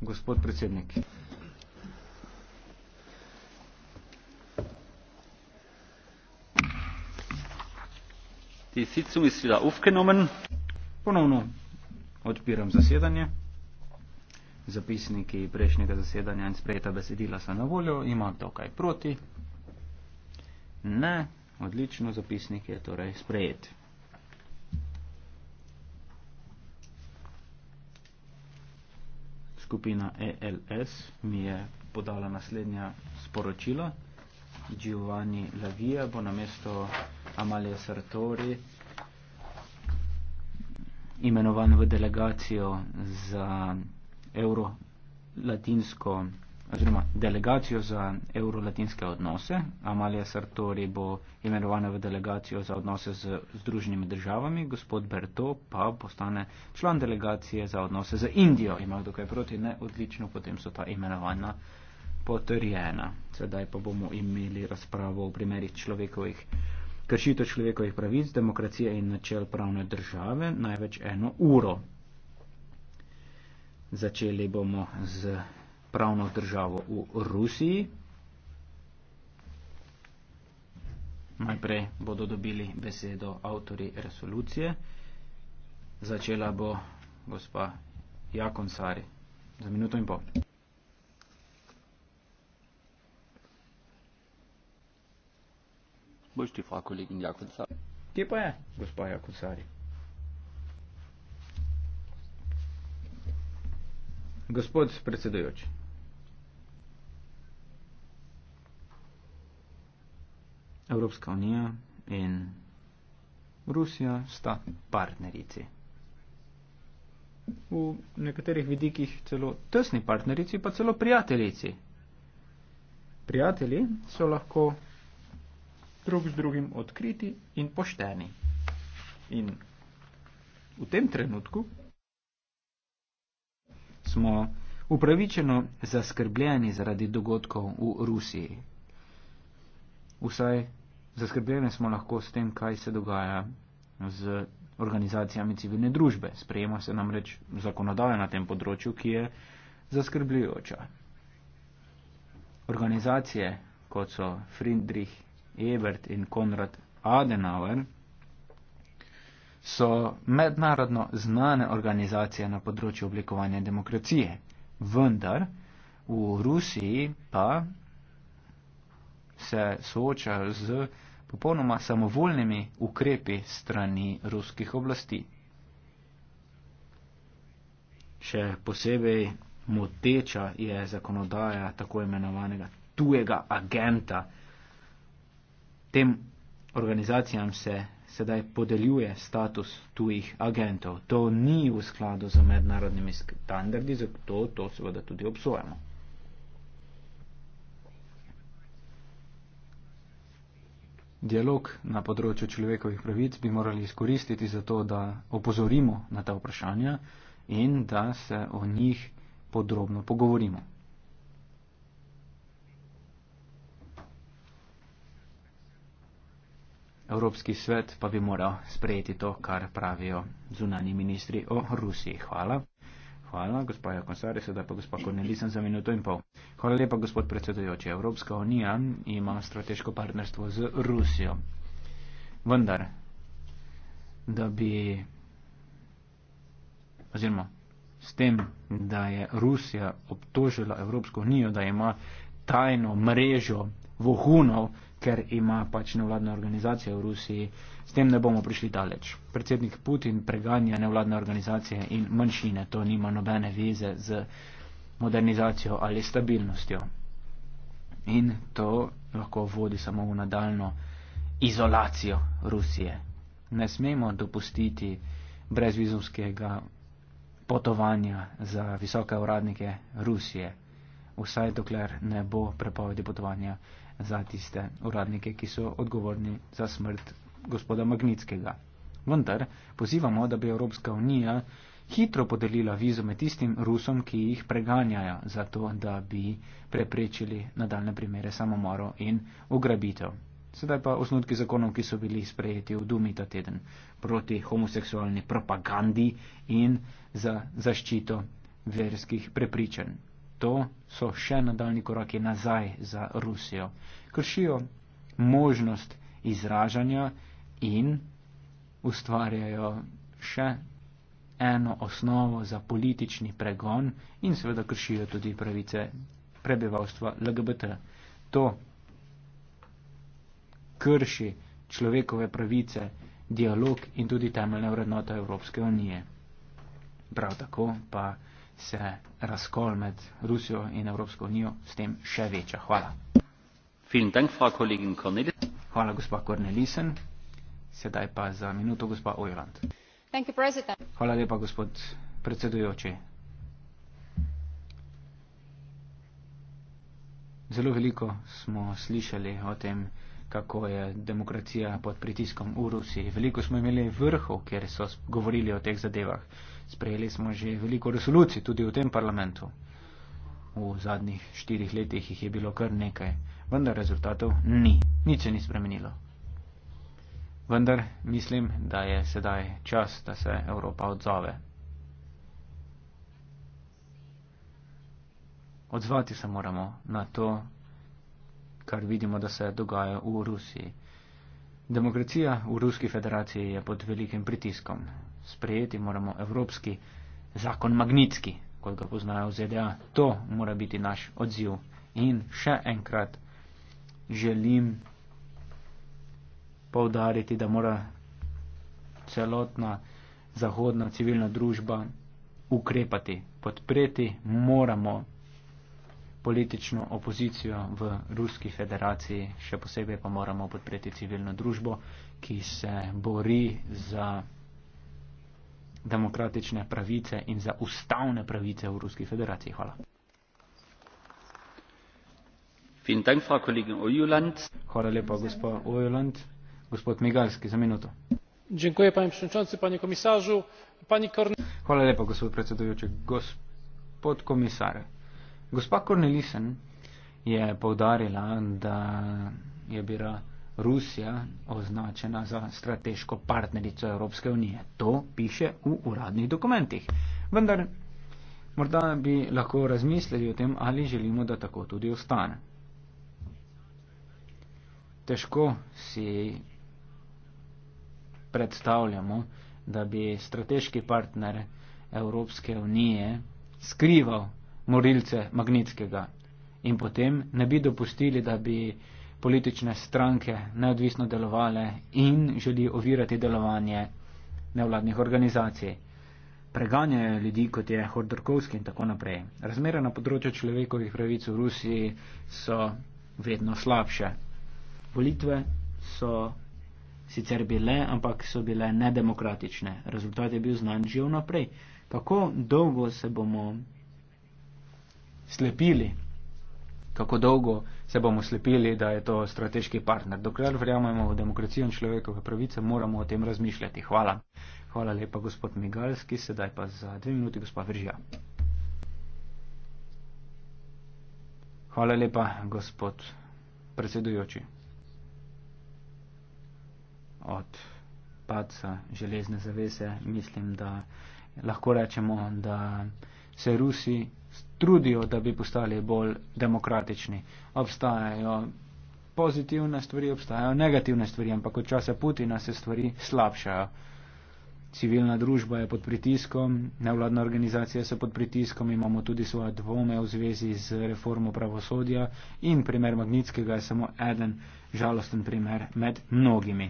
Gospod predsednik. Ponovno odpiram zasedanje. Zapisniki prejšnjega zasedanja in sprejeta besedila so na voljo. Ima to kaj proti? Ne, odlično, zapisnik je torej sprejet. skupina ELS mi je podala naslednja sporočila. Giovanni Lavia bo namesto Amalie Sartori imenovan v delegacijo za euro-latinsko oziroma delegacijo za eurolatinske odnose. Amalija Sartori bo imenovana v delegacijo za odnose z Združenimi državami, gospod Berto pa postane član delegacije za odnose z Indijo. Ima dokaj proti ne, odlično, potem so ta imenovanja potrjena. Sedaj pa bomo imeli razpravo o primerih človekovih kršitev človekovih pravic, demokracije in načel pravne države največ eno uro. Začeli bomo z pravno državo v Rusiji. Najprej bodo dobili besedo avtori resolucije. Začela bo gospa Jakon Sari za minuto in pol. Boš ti fakul in Jakon Sari. Kje pa je gospa Jakon Sari? Gospod predsedujoči. Evropska unija in Rusija sta partnerici. V nekaterih vidikih celo tesni partnerici, pa celo prijateljici. Prijatelji so lahko drug z drugim odkriti in pošteni. In v tem trenutku smo upravičeno zaskrbljeni zaradi dogodkov v Rusiji. Vsaj Zaskrbljeni smo lahko s tem, kaj se dogaja z organizacijami civilne družbe. Sprejema se namreč zakonodaja na tem področju, ki je zaskrbljujoča. Organizacije, kot so Friedrich Ebert in Konrad Adenauer, so mednarodno znane organizacije na področju oblikovanja demokracije. Vendar v Rusiji pa se soočajo z popolnoma samovoljnimi ukrepi strani ruskih oblasti. Še posebej moteča je zakonodaja tako imenovanega tujega agenta. Tem organizacijam se sedaj podeljuje status tujih agentov. To ni v skladu z mednarodnimi standardi, zato to seveda tudi obsojamo. dialog na področju človekovih pravic bi morali izkoristiti za to, da opozorimo na ta vprašanja in da se o njih podrobno pogovorimo. Evropski svet pa bi moral sprejeti to, kar pravijo zunani ministri o Rusiji. Hvala. Hvala, gospod Jokosar, sedaj pa gospod Kornelisen za minuto in pol. Hvala lepa, gospod predsedujoči. Evropska unija ima strateško partnerstvo z Rusijo. Vendar, da bi. Oziroma, s tem, da je Rusija obtožila Evropsko unijo, da ima tajno mrežo vohunov, ker ima pač nevladna organizacija v Rusiji. S tem ne bomo prišli daleč. Predsednik Putin preganja nevladne organizacije in manjšine. To nima nobene veze z modernizacijo ali stabilnostjo. In to lahko vodi samo v nadaljno izolacijo Rusije. Ne smemo dopustiti brezvizumskega potovanja za visoke uradnike Rusije vsaj dokler ne bo prepovedi potovanja za tiste uradnike, ki so odgovorni za smrt gospoda Magnitskega. Vendar pozivamo, da bi Evropska unija hitro podelila vizume tistim Rusom, ki jih preganjajo, zato da bi preprečili nadaljne primere samomorov in ugrabitev. Sedaj pa osnutki zakonov, ki so bili sprejeti v Dumi ta teden proti homoseksualni propagandi in za zaščito verskih prepričanj to so še nadaljni koraki nazaj za Rusijo. Kršijo možnost izražanja in ustvarjajo še eno osnovo za politični pregon in seveda kršijo tudi pravice prebivalstva LGBT. To krši človekove pravice, dialog in tudi temeljne vrednote Evropske unije. Prav tako pa se razkol med Rusijo in Evropsko unijo s tem še veča. Hvala. Dank, Hvala, gospa Kornelisen. Sedaj pa za minuto, gospa Ojland. Hvala lepa, gospod predsedujoči. Zelo veliko smo slišali o tem, kako je demokracija pod pritiskom v Rusiji. Veliko smo imeli vrhov, kjer so govorili o teh zadevah. Sprejeli smo že veliko resolucij, tudi v tem parlamentu. V zadnjih štirih letih jih je bilo kar nekaj, vendar rezultatov ni, nič se ni spremenilo. Vendar mislim, da je sedaj čas, da se Evropa odzove. Odzvati se moramo na to, kar vidimo, da se dogaja v Rusiji. Demokracija v Ruski federaciji je pod velikim pritiskom sprejeti moramo evropski zakon magnitski, kot ga poznajo v ZDA. To mora biti naš odziv. In še enkrat želim povdariti, da mora celotna zahodna civilna družba ukrepati. Podpreti moramo politično opozicijo v Ruski federaciji, še posebej pa moramo podpreti civilno družbo, ki se bori za demokratične pravice in za ustavne pravice v Ruski federaciji. Hvala. Hvala lepa, gospod Ojuland. Gospod Migalski, za minuto. Hvala lepa, gospod predsedujoči. Gospod komisar, gospa Kornelisen je povdarila, da je bila Rusija označena za strateško partnerico Evropske unije. To piše v uradnih dokumentih. Vendar morda bi lahko razmislili o tem, ali želimo, da tako tudi ostane. Težko si predstavljamo, da bi strateški partner Evropske unije skrival morilce Magnitskega in potem ne bi dopustili, da bi politične stranke neodvisno delovale in želi ovirati delovanje nevladnih organizacij. Preganjajo ljudi, kot je Hordorkovski in tako naprej. Razmere na področju človekovih pravic v Rusiji so vedno slabše. Volitve so sicer bile, ampak so bile nedemokratične. Rezultat je bil znan že vnaprej. Kako dolgo se bomo slepili, kako dolgo se bomo slepili, da je to strateški partner. Dokler verjamemo v demokracijo in človekove pravice, moramo o tem razmišljati. Hvala. Hvala lepa, gospod Migalski. Sedaj pa za dve minuti, gospod Vržija. Hvala lepa, gospod predsedujoči. Od paca železne zavese mislim, da lahko rečemo, da se Rusi trudijo, da bi postali bolj demokratični. Obstajajo pozitivne stvari, obstajajo negativne stvari, ampak od časa Putina se stvari slabšajo. Civilna družba je pod pritiskom, nevladne organizacije so pod pritiskom, imamo tudi svoje dvome v zvezi z reformo pravosodja in primer Magnitskega je samo eden žalosten primer med mnogimi.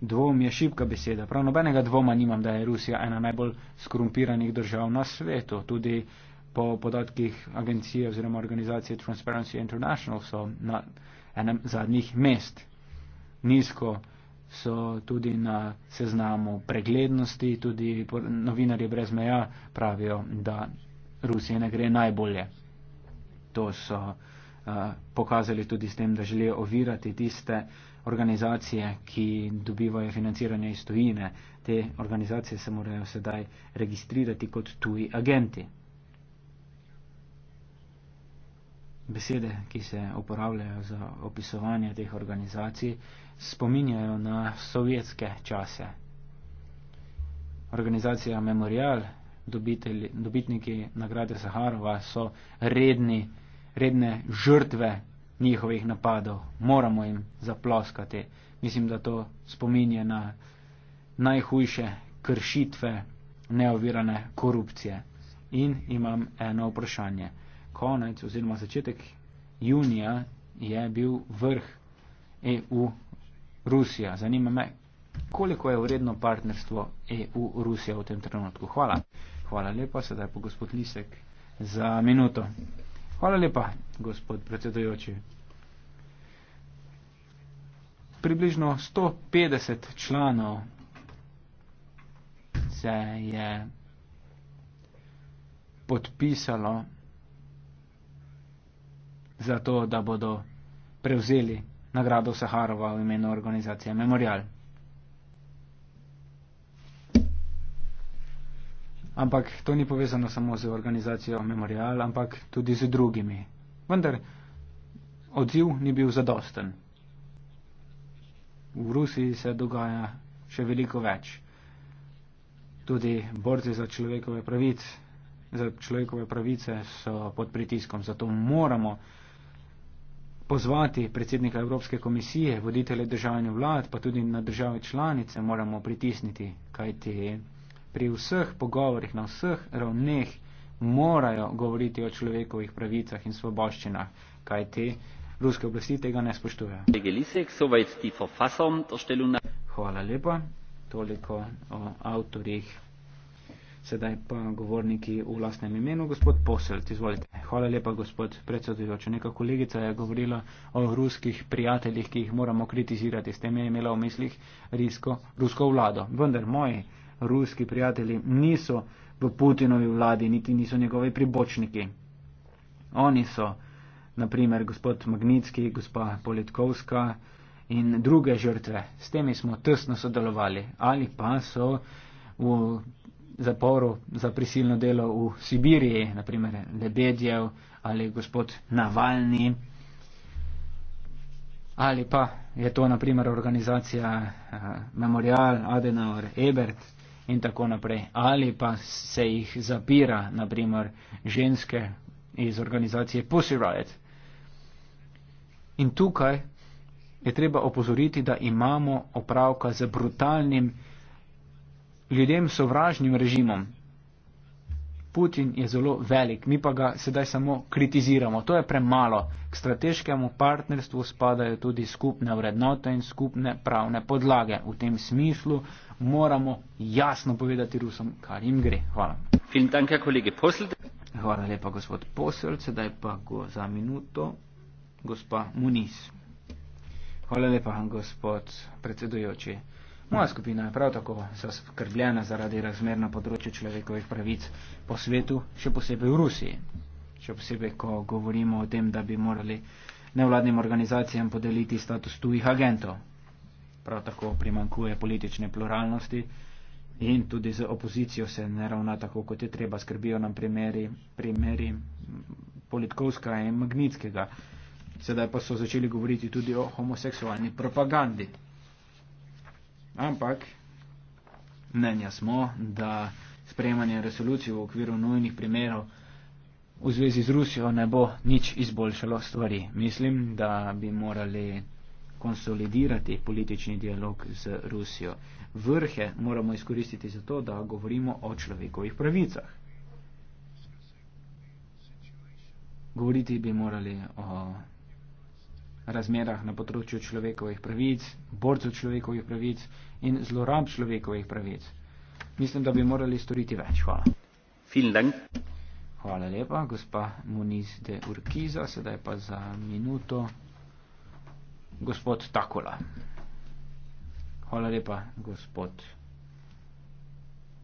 Dvom je šibka beseda. Prav nobenega dvoma nimam, da je Rusija ena najbolj skrumpiranih držav na svetu. Tudi po podatkih agencije oziroma organizacije Transparency International so na enem zadnjih mest. Nizko so tudi na seznamu preglednosti, tudi novinarje brez meja pravijo, da Rusije ne gre najbolje. To so uh, pokazali tudi s tem, da želijo ovirati tiste organizacije, ki dobivajo financiranje iz tujine. Te organizacije se morajo sedaj registrirati kot tuji agenti. besede, ki se uporabljajo za opisovanje teh organizacij, spominjajo na sovjetske čase. Organizacija Memorial, dobitelj, dobitniki nagrade Saharova so redni, redne žrtve njihovih napadov. Moramo jim zaploskati. Mislim, da to spominje na najhujše kršitve neovirane korupcije. In imam eno vprašanje konec oziroma začetek junija je bil vrh EU Rusija. Zanima me, koliko je vredno partnerstvo EU Rusija v tem trenutku. Hvala. Hvala lepa, sedaj pa gospod Lisek za minuto. Hvala lepa, gospod predsedujoči. Približno 150 članov se je podpisalo za to, da bodo prevzeli nagrado Saharova v imenu organizacije Memorial. Ampak to ni povezano samo z organizacijo Memorial, ampak tudi z drugimi. Vendar odziv ni bil zadosten. V Rusiji se dogaja še veliko več. Tudi borci za človekove pravice, za človekove pravice so pod pritiskom, zato moramo pozvati predsednika Evropske komisije, voditele državne vlad, pa tudi na države članice moramo pritisniti, kajti pri vseh pogovorih na vseh ravneh morajo govoriti o človekovih pravicah in svoboščinah, kajti ruske oblasti tega ne spoštujejo. Hvala lepa, toliko o avtorjih. Sedaj pa govorniki v lastnem imenu, gospod Poselt, izvolite. Hvala lepa, gospod predsedujoč. Neka kolegica je govorila o ruskih prijateljih, ki jih moramo kritizirati. S tem je imela v mislih risko, rusko vlado. Vendar moji ruski prijatelji niso v Putinovi vladi, niti niso njegovi pribočniki. Oni so, naprimer, gospod Magnitski, gospa Politkovska in druge žrtve. S temi smo tesno sodelovali. Ali pa so v zaporu za prisilno delo v Sibiriji, naprimer Lebedjev ali gospod Navalni. Ali pa je to naprimer organizacija eh, Memorial Adenauer Ebert in tako naprej. Ali pa se jih zapira naprimer ženske iz organizacije Pussy Riot. In tukaj je treba opozoriti, da imamo opravka z brutalnim ljudem sovražnim režimom. Putin je zelo velik, mi pa ga sedaj samo kritiziramo. To je premalo. K strateškemu partnerstvu spadajo tudi skupne vrednote in skupne pravne podlage. V tem smislu moramo jasno povedati Rusom, kar jim gre. Hvala. Hvala lepa, gospod Posel. Sedaj pa go za minuto, gospa Muniz. Hvala lepa, gospod predsedujoči. Moja skupina je prav tako zaskrbljena zaradi razmer na področju človekovih pravic po svetu, še posebej v Rusiji. Še posebej, ko govorimo o tem, da bi morali nevladnim organizacijam podeliti status tujih agentov. Prav tako primankuje politične pluralnosti in tudi z opozicijo se ne ravna tako, kot je treba. Skrbijo nam primeri, primeri Politkovska in Magnitskega. Sedaj pa so začeli govoriti tudi o homoseksualni propagandi. Ampak mnenja smo, da sprejemanje resolucije v okviru nujnih primerov v zvezi z Rusijo ne bo nič izboljšalo stvari. Mislim, da bi morali konsolidirati politični dialog z Rusijo. Vrhe moramo izkoristiti za to, da govorimo o človekovih pravicah. Govoriti bi morali o razmerah na področju človekovih pravic, borcev človekovih pravic in zlorab človekovih pravic. Mislim, da bi morali storiti več. Hvala. Hvala lepa, gospa Muniz de Urkiza. Sedaj pa za minuto gospod Takola. Hvala lepa, gospod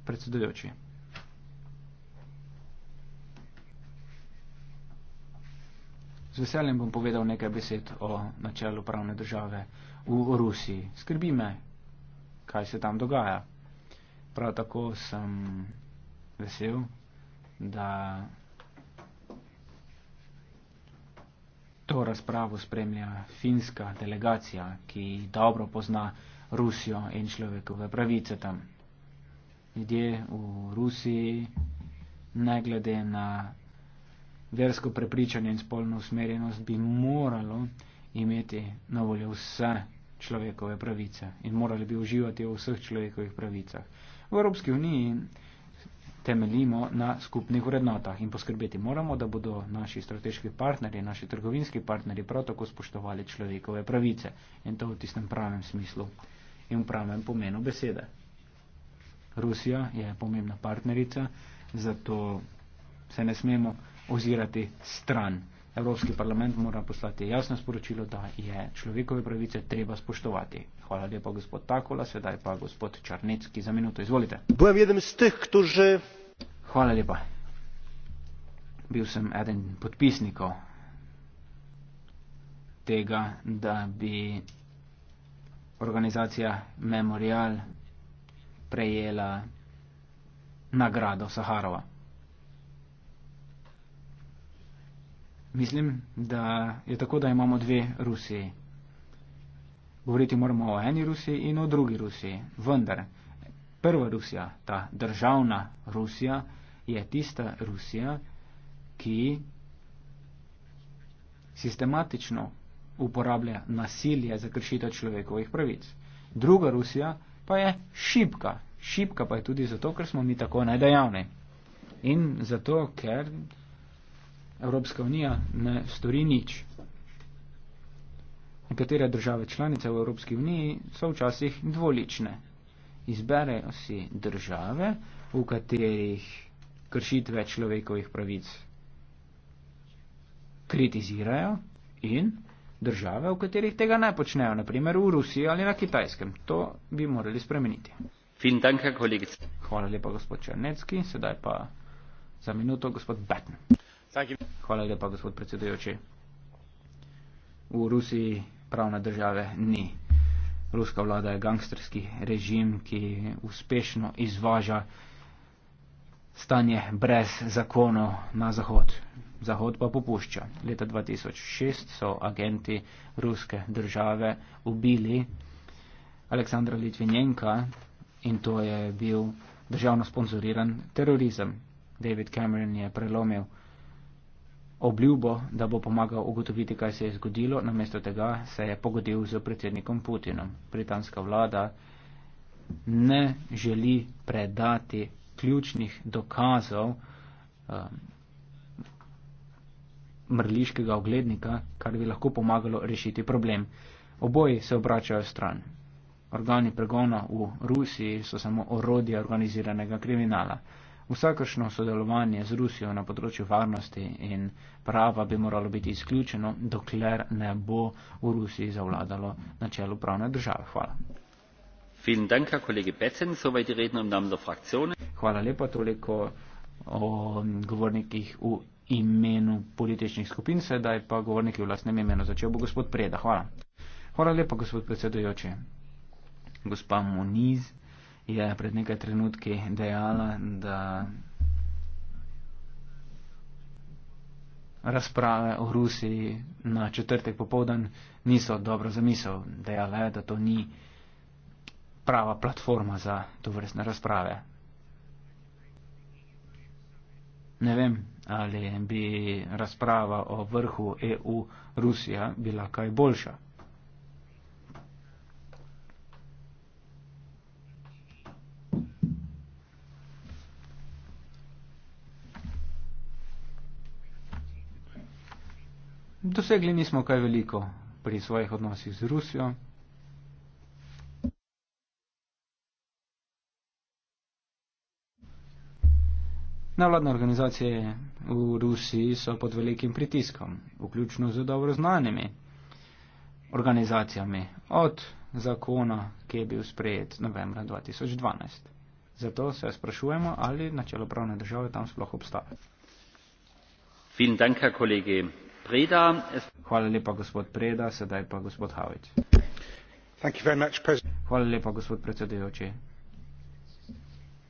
predsedujoči. Z veseljem bom povedal nekaj besed o načelu pravne države v Rusiji. Skrbi me, kaj se tam dogaja. Prav tako sem vesel, da to razpravo spremlja finska delegacija, ki dobro pozna Rusijo in človekove pravice tam. Ljudje v Rusiji, ne glede na versko prepričanje in spolno usmerjenost bi moralo imeti na voljo vse človekove pravice in morali bi uživati v vseh človekovih pravicah. V Evropski uniji temeljimo na skupnih vrednotah in poskrbeti moramo, da bodo naši strateški partnerji, naši trgovinski partnerji prav tako spoštovali človekove pravice in to v tistem pravem smislu in v pravem pomenu besede. Rusija je pomembna partnerica, zato se ne smemo ozirati stran. Evropski parlament mora poslati jasno sporočilo, da je človekove pravice treba spoštovati. Hvala lepa, gospod Takola, sedaj pa gospod Črnecki za minuto. Izvolite. Bojem eden iz teh, kdo že. Hvala lepa. Bil sem eden podpisnikov tega, da bi organizacija Memorial prejela nagrado Saharova. Mislim, da je tako, da imamo dve Rusiji. Govoriti moramo o eni Rusiji in o drugi Rusiji. Vendar, prva Rusija, ta državna Rusija, je tista Rusija, ki sistematično uporablja nasilje za kršitev človekovih pravic. Druga Rusija pa je šibka. Šibka pa je tudi zato, ker smo mi tako najdejavni. In zato, ker. Evropska unija ne stori nič. Nekatere države članice v Evropski uniji so včasih dvolične. Izberejo si države, v katerih kršitve človekovih pravic kritizirajo in države, v katerih tega ne počnejo, naprimer v Rusiji ali na Kitajskem. To bi morali spremeniti. Dank, Hvala lepa, gospod Črnecki. Sedaj pa za minuto gospod Batten. Hvala lepa, gospod predsedujoči. V Rusiji pravne države ni. Ruska vlada je gangsterski režim, ki uspešno izvaža stanje brez zakonov na Zahod. Zahod pa popušča. Leta 2006 so agenti ruske države ubili Aleksandra Litvinjenka in to je bil državno sponsoriran terorizem. David Cameron je prelomil obljubo, da bo pomagal ugotoviti, kaj se je zgodilo, namesto tega se je pogodil z predsednikom Putinom. Britanska vlada ne želi predati ključnih dokazov um, mrliškega oglednika, kar bi lahko pomagalo rešiti problem. Oboji se obračajo stran. Organi pregona v Rusiji so samo orodje organiziranega kriminala. Vsakršno sodelovanje z Rusijo na področju varnosti in prava bi moralo biti izključeno, dokler ne bo v Rusiji zavladalo načelo pravne države. Hvala. Hvala lepa toliko o govornikih v imenu političnih skupin, sedaj pa govorniki v lastnem imenu. Začel bo gospod Preda. Hvala. Hvala lepa, gospod predsedujoči. Gospa Moniz je pred nekaj trenutki dejala, da razprave o Rusiji na četrtek popovdan niso dobro zamisel. Dejala je, da to ni prava platforma za to vrstne razprave. Ne vem, ali bi razprava o vrhu EU-Rusija bila kaj boljša. dosegli nismo kaj veliko pri svojih odnosih z Rusijo. Navladne organizacije v Rusiji so pod velikim pritiskom, vključno z dobro znanimi organizacijami, od zakona, ki je bil sprejet novembra 2012. Zato se sprašujemo, ali načelo pravne države tam sploh obstaja. Vielen Dank, Herr Kollege. Preda. Hvala lepa, gospod Preda, sedaj pa gospod Havič. Much, Hvala lepa, gospod predsedujoči.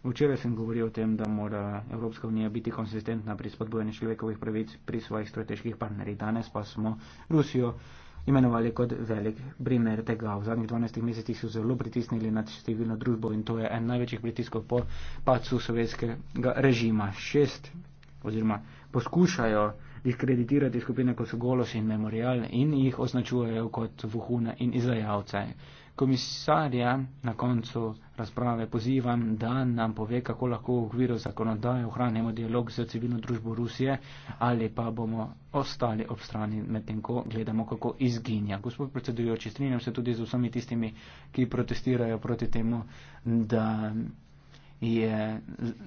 Včeraj sem govoril o tem, da mora Evropska unija biti konsistentna pri spodbujanju človekovih pravic pri svojih strateških partnerjih. Danes pa smo Rusijo imenovali kot velik primer tega. V zadnjih 12 mesecih so zelo pritisnili nad številno družbo in to je en največjih pritiskov po padcu sovjetskega režima. Šest oziroma poskušajo diskreditirati skupine, kot so Golos in Memorial in jih označujejo kot vohune in izdajalce. Komisarja na koncu razprave pozivam, da nam pove, kako lahko v okviru zakonodaje ohranimo dialog z civilno družbo Rusije ali pa bomo ostali ob strani medtem, ko gledamo, kako izginja. Gospod predsedujoči, strinjam se tudi z vsemi tistimi, ki protestirajo proti temu, da je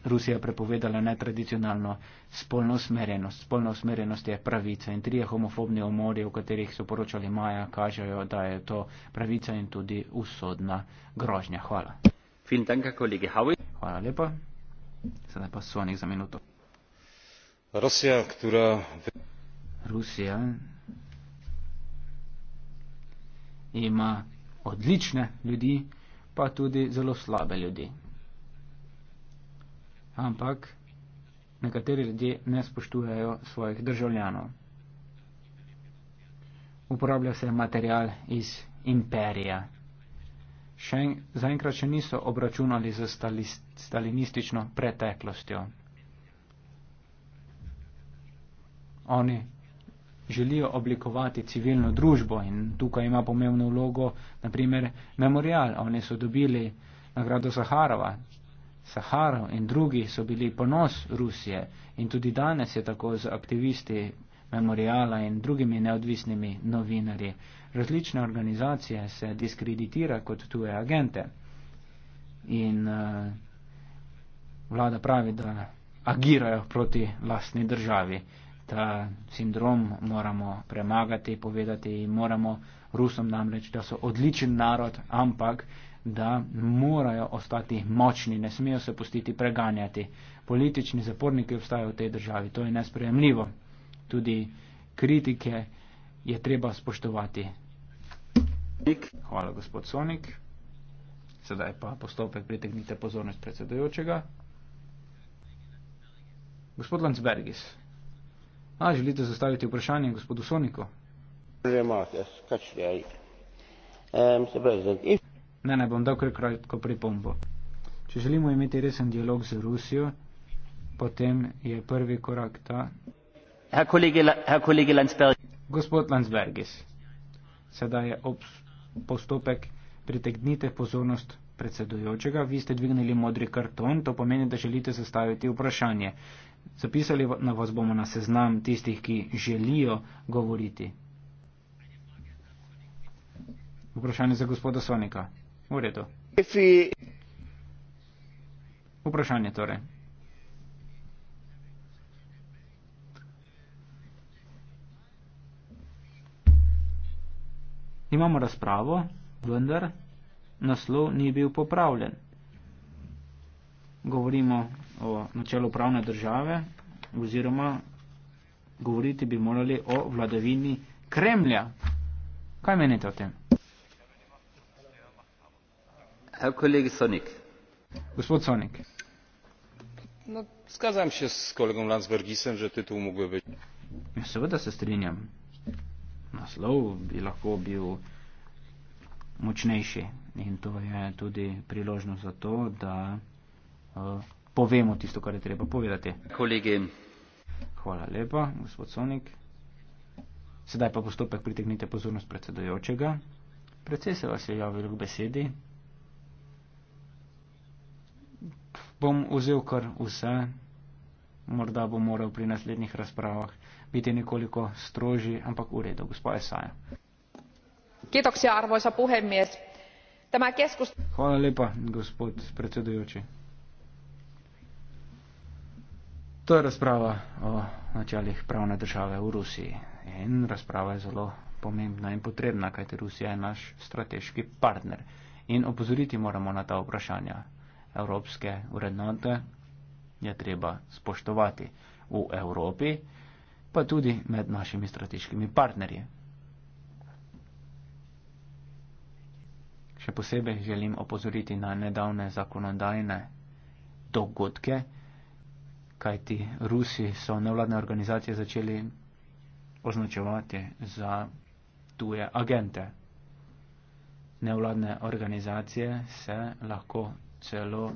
Rusija prepovedala netradicionalno spolno usmerjenost. Spolna usmerjenost je pravica in trije homofobni omori, o katerih so poročali maja, kažejo, da je to pravica in tudi usodna grožnja. Hvala. Hvala lepa. Sedaj pa sonik za minuto. Rusija, ktura... Rusija ima odlične ljudi, pa tudi zelo slabe ljudi ampak nekateri ljudje ne spoštujejo svojih državljanov. Uporablja se material iz imperija. Zaenkrat še niso obračunali z stalinistično preteklostjo. Oni želijo oblikovati civilno družbo in tukaj ima pomembno vlogo, naprimer, memorial. Oni so dobili nagrado Zaharova, Saharov in drugi so bili ponos Rusije in tudi danes je tako z aktivisti memoriala in drugimi neodvisnimi novinarji. Različne organizacije se diskreditira kot tuje agente in uh, vlada pravi, da agirajo proti lastni državi. Ta sindrom moramo premagati, povedati in moramo Rusom namreč, da so odličen narod, ampak da morajo ostati močni, ne smejo se pustiti preganjati. Politični zaporniki obstajajo v tej državi, to je nesprejemljivo. Tudi kritike je treba spoštovati. Hvala, gospod Sonik. Sedaj pa postopek pritegnite pozornost predsedujočega. Gospod Landsbergis. A, želite zastaviti vprašanje gospodu Soniku? Že imate, skačljaj. Um, e, se pravi, zdaj. Ne, ne bom dal kar kratko pripombo. Če želimo imeti resen dialog z Rusijo, potem je prvi korak ta. Herr kolege, herr kolege Gospod Landsbergis, sedaj je ob postopek, pritegnite pozornost predsedujočega, vi ste dvignili modri karton, to pomeni, da želite zastaviti vprašanje. Zapisali na vas bomo na seznam tistih, ki želijo govoriti. Vprašanje za gospoda Sonika. V redu. Vprašanje torej. Imamo razpravo, vendar naslov ni bil popravljen. Govorimo o načelu pravne države oziroma govoriti bi morali o vladavini Kremlja. Kaj menite o tem? No, zgadzam się z kolegą landsbergisem że tytuł mógłby być. Ja seveda se strinjam naslov bi lahko bil močnejši in to je tudi priložnost za to da uh, povemo tisto kar je treba povedati. Kolegi. Hvala lepa gospod Sonik. Sedaj pa postopek pritegnite pozornost predsedujočega. Predsej se vas je javil k besedi. bom vzel kar vse, morda bom moral pri naslednjih razpravah biti nekoliko strožji, ampak v redu, gospod Esaja. Hvala lepa, gospod predsedujoči. To je razprava o načelih pravne države v Rusiji in razprava je zelo pomembna in potrebna, kajti Rusija je naš strateški partner in opozoriti moramo na ta vprašanja evropske vrednote je treba spoštovati v Evropi, pa tudi med našimi strateškimi partnerji. Še posebej želim opozoriti na nedavne zakonodajne dogodke, kajti Rusi so nevladne organizacije začeli označevati za tuje agente. Nevladne organizacije se lahko celo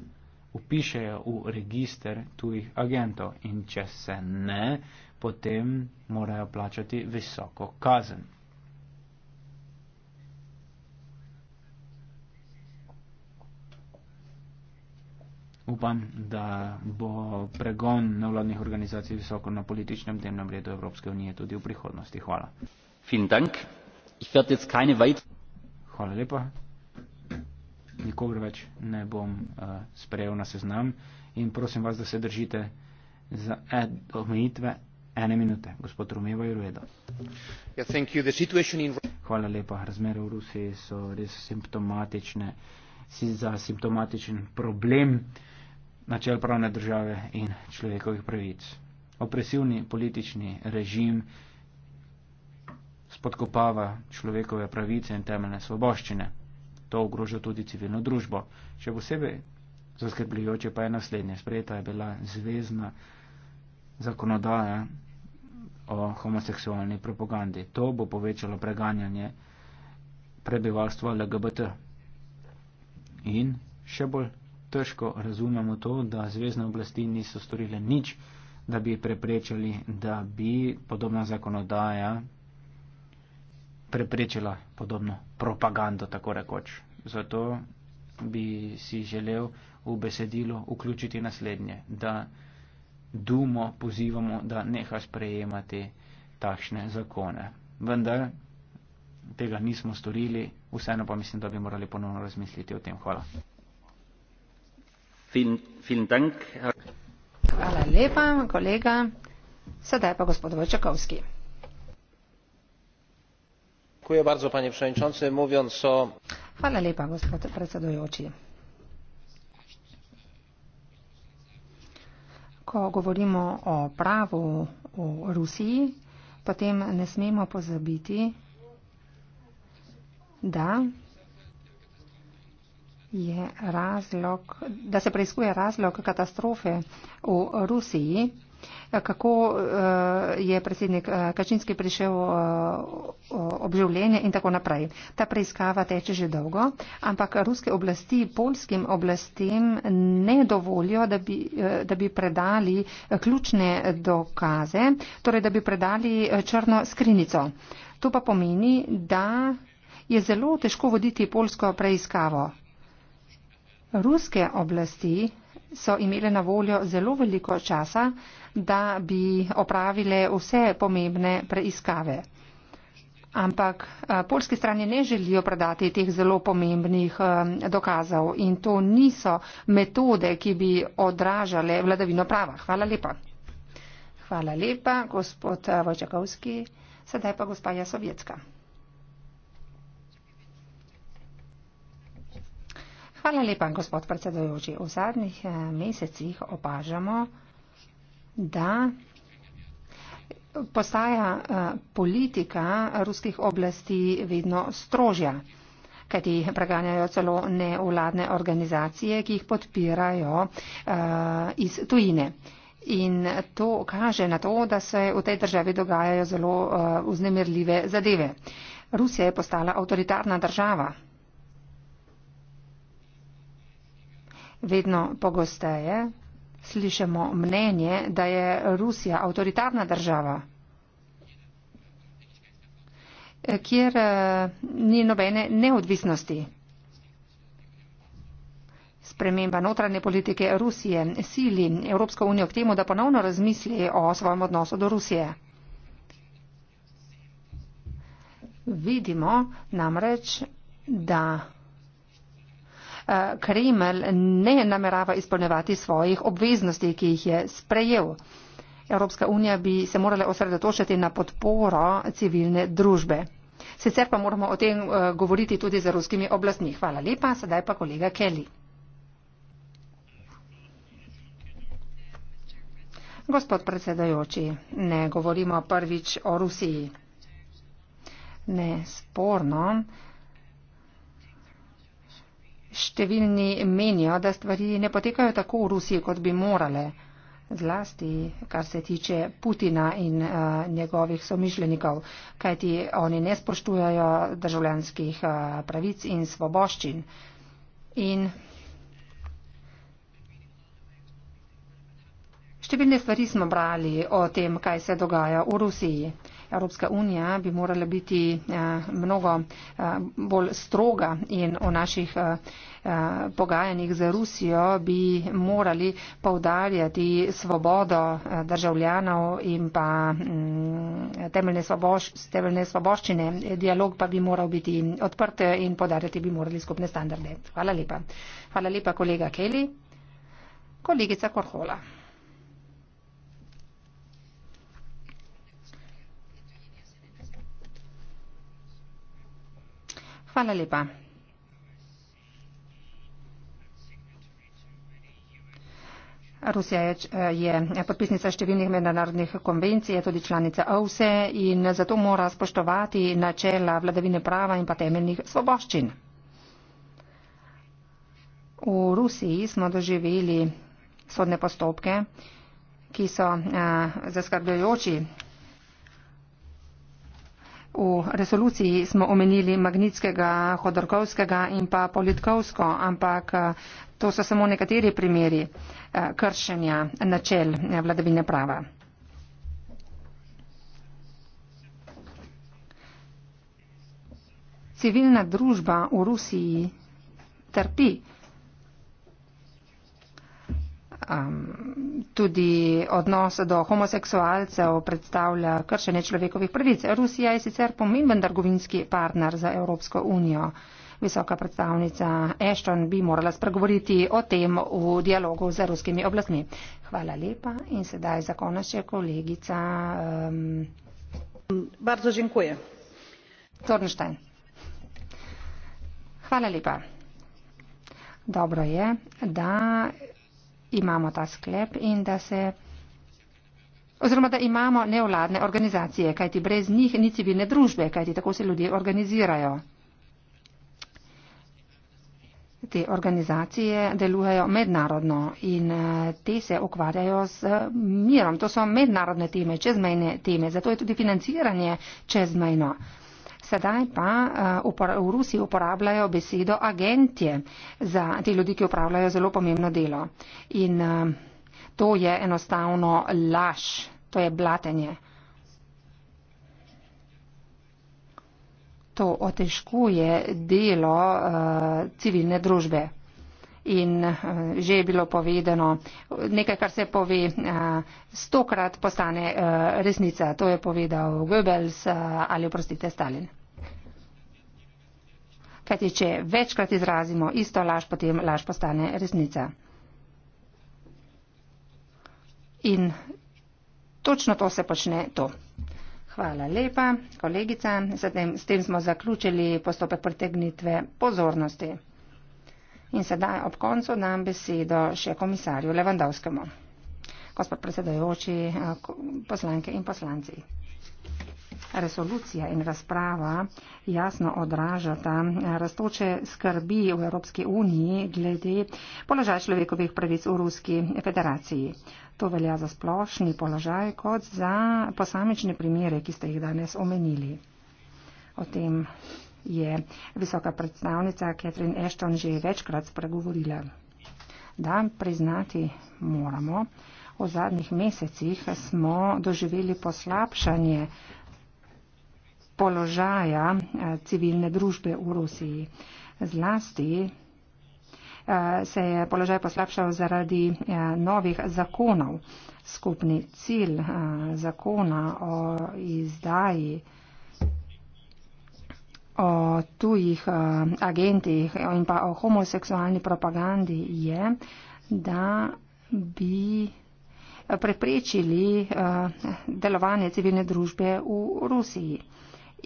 upišejo v register tujih agentov in če se ne, potem morajo plačati visoko kazen. Upam, da bo pregon nevladnih organizacij visoko na političnem dnevnem redu Evropske unije tudi v prihodnosti. Hvala. Hvala lepa nikogar več ne bom uh, sprejel na seznam in prosim vas, da se držite za ed, omejitve ene minute. Gospod Romeva je ruedo. Hvala lepa. Razmere v Rusiji so res simptomatične, si za simptomatičen problem načel pravne države in človekovih pravic. Opresivni politični režim spodkopava človekove pravice in temeljne svoboščine. To ogroža tudi civilno družbo. Še posebej zaskrbljujoče pa je naslednje. Sprejeta je bila zvezna zakonodaja o homoseksualni propagandi. To bo povečalo preganjanje prebivalstva LGBT. In še bolj težko razumemo to, da zvezdne oblasti niso storile nič, da bi preprečili, da bi podobna zakonodaja preprečila podobno propagando, tako rekoč. Zato bi si želel v besedilo vključiti naslednje, da Dumo pozivamo, da neha sprejemati takšne zakone. Vendar tega nismo storili, vseeno pa mislim, da bi morali ponovno razmisliti o tem. Hvala. Hvala lepa, kolega. Sedaj pa gospod Vojčakovski mówiąc o ko govorimo o pravu v Rusiji, potem ne smemo pozabiti, da je razlog, da se preiskuje razlog katastrofe v Rusiji Eh, kako eh, je predsednik eh, Kačinski prišel ob življenje in tako naprej. Ta preiskava teče že dolgo, ampak ruske oblasti polskim oblastem ne dovolijo, da bi, da bi predali ključne dokaze, torej da bi predali črno skrinico. To pa pomeni, da je zelo težko voditi polsko preiskavo. Ruske oblasti so imele na voljo zelo veliko časa, da bi opravile vse pomembne preiskave. Ampak eh, polski strani ne želijo predati teh zelo pomembnih eh, dokazov in to niso metode, ki bi odražale vladavino prava. Hvala lepa. Hvala lepa, gospod eh, Vojčakovski. Sedaj pa gospa Jasovjetska. Hvala lepa, gospod predsedojoči. V zadnjih eh, mesecih opažamo, da postaja eh, politika ruskih oblasti vedno strožja, kajti preganjajo celo nevladne organizacije, ki jih podpirajo eh, iz tujine. In to kaže na to, da se v tej državi dogajajo zelo uh, uznemirljive zadeve. Rusija je postala avtoritarna država, Vedno pogosteje slišimo mnenje, da je Rusija avtoritarna država, kjer eh, ni nobene neodvisnosti. Sprememba notranje politike Rusije sili Evropsko unijo k temu, da ponovno razmisli o svojem odnosu do Rusije. Vidimo namreč, da Eh, Kreml ne namerava izpolnjevati svojih obveznosti, ki jih je sprejel. Evropska unija bi se morala osredotočiti na podporo civilne družbe. Sicer pa moramo o tem eh, govoriti tudi za ruskimi oblastmi. Hvala lepa, sedaj pa kolega Kelly. Gospod predsedajoči, ne govorimo prvič o Rusiji. Ne, sporno. Številni menijo, da stvari ne potekajo tako v Rusiji, kot bi morale, zlasti kar se tiče Putina in uh, njegovih somišljenikov, kajti oni ne spoštujajo državljanskih uh, pravic in svoboščin. In številne stvari smo brali o tem, kaj se dogaja v Rusiji. Evropska unija bi morala biti eh, mnogo eh, bolj stroga in o naših eh, pogajanjih za Rusijo bi morali povdarjati svobodo državljanov in pa mm, temeljne, svoboš, temeljne svoboščine. Dialog pa bi moral biti odprt in podarjati bi morali skupne standarde. Hvala lepa. Hvala lepa kolega Kelly. Kolegica Korhola. Hvala lepa. Rusija je, je podpisnica številnih mednarodnih konvencij, je tudi članica OVSE in zato mora spoštovati načela vladavine prava in pa temeljnih svoboščin. V Rusiji smo doživeli sodne postopke, ki so eh, zaskrbljajoči V resoluciji smo omenili Magnitskega, Hodorkovskega in pa Politkovsko, ampak eh, to so samo nekateri primeri eh, kršenja načel eh, vladavine prava. Civilna družba v Rusiji trpi. Um, tudi odnos do homoseksualcev predstavlja kršenje človekovih pravic. Rusija je sicer pomemben trgovinski partner za Evropsko unijo. Visoka predstavnica Ashton bi morala spregovoriti o tem v dialogu z ruskimi oblastmi. Hvala lepa in sedaj za konec še kolegica. Bardzo um, žinkuje. Zornštajn. Hvala lepa. Dobro je, da imamo ta sklep in da se. Oziroma, da imamo nevladne organizacije, kajti brez njih ni civilne družbe, kajti tako se ljudje organizirajo. Te organizacije delujejo mednarodno in eh, te se ukvarjajo z eh, mirom. To so mednarodne teme, čezmejne teme. Zato je tudi financiranje čezmejno. Sedaj pa eh, v Rusiji uporabljajo besedo agentje za te ljudi, ki upravljajo zelo pomembno delo. In eh, to je enostavno laž, to je blatenje. To otežkuje delo eh, civilne družbe. In že je bilo povedano, nekaj, kar se pove stokrat, postane resnica. To je povedal Goebbels ali, oprostite, Stalin kajti če večkrat izrazimo isto laž, potem laž postane resnica. In točno to se počne to. Hvala lepa, kolegica. Zatem, s tem smo zaključili postopek pritegnitve pozornosti. In sedaj ob koncu dam besedo še komisarju Levandovskemu. Gospod predsedojoči, eh, poslanke in poslanci. Resolucija in razprava jasno odražata raztoče skrbi v Evropski uniji glede položaja človekovih pravic v Ruski federaciji. To velja za splošni položaj kot za posamične primere, ki ste jih danes omenili. O tem je visoka predstavnica Catherine Ashton že večkrat spregovorila. Da, priznati moramo, v zadnjih mesecih smo doživeli poslabšanje položaja eh, civilne družbe v Rusiji. Zlasti eh, se je položaj poslabšal zaradi eh, novih zakonov. Skupni cilj zakona o izdaji o tujih agentih in pa o homoseksualni propagandi je, da bi preprečili delovanje civilne družbe v Rusiji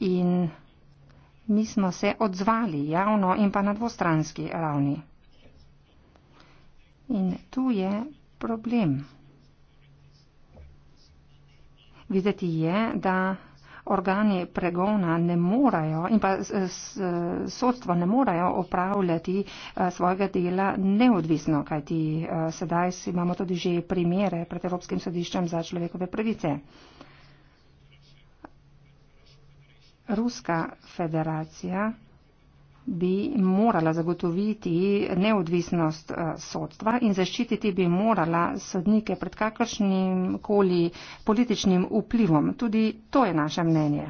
in mi smo se odzvali javno in pa na dvostranski ravni. In tu je problem. Videti je, da organi pregona ne morajo in pa sodstvo ne morajo opravljati eh, svojega dela neodvisno, kajti eh, sedaj imamo tudi že primere pred Evropskim sodiščem za človekove pravice. Ruska federacija bi morala zagotoviti neodvisnost eh, sodstva in zaščititi bi morala sodnike pred kakršnim koli političnim vplivom. Tudi to je naše mnenje.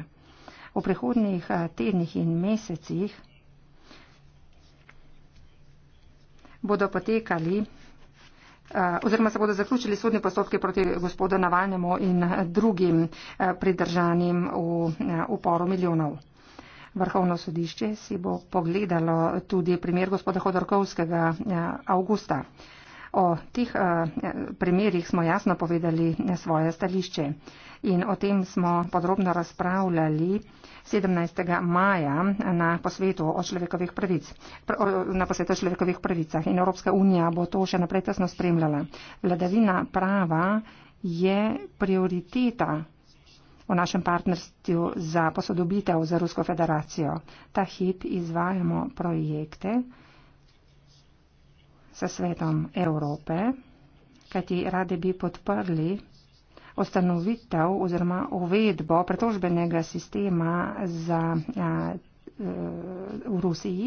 V prihodnih eh, tednih in mesecih bodo potekali Eh, oziroma se bodo zaključili sodni postopki proti gospodu Navalnemu in eh, drugim eh, pridržanim v uporu milijonov. Vrhovno sodišče si bo pogledalo tudi primer gospoda Hodorkovskega avgusta. O teh eh, primerjih smo jasno povedali eh, svoje stališče in o tem smo podrobno razpravljali 17. maja na posvetu o človekovih pravic, na posvetu o človekovih pravicah in Evropska unija bo to še naprej tesno spremljala. Vladavina prava je prioriteta v našem partnerstvu za posodobitev za Rusko federacijo. Ta hip izvajamo projekte sa svetom Európe, kajti radi bi podprli ustanovitev oziroma uvedbo pretožbenega sistema za, a, ja, a, eh, v Rusiji.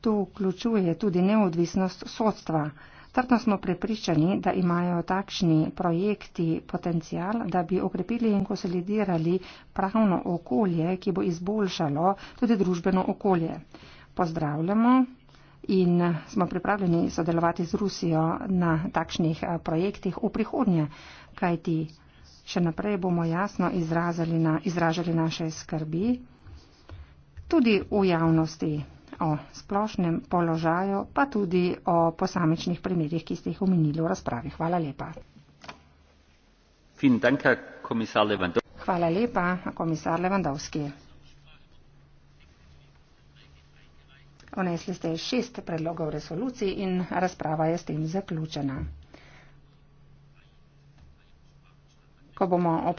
To vključuje tudi neodvisnost sodstva. Trdno smo prepričani, da imajo takšni projekti potencial, da bi okrepili in konsolidirali pravno okolje, ki bo izboljšalo tudi družbeno okolje. Pozdravljamo in smo pripravljeni sodelovati z Rusijo na takšnih eh, projektih v prihodnje, kajti še naprej bomo jasno izražali, na, izražali naše skrbi tudi v javnosti o splošnem položaju, pa tudi o posamičnih primerjih, ki ste jih omenili v razpravi. Hvala lepa. Hvala lepa, komisar Levandovski. Onesli ste šest predlogov resolucij in razprava je s tem zaključena. Ko bomo ob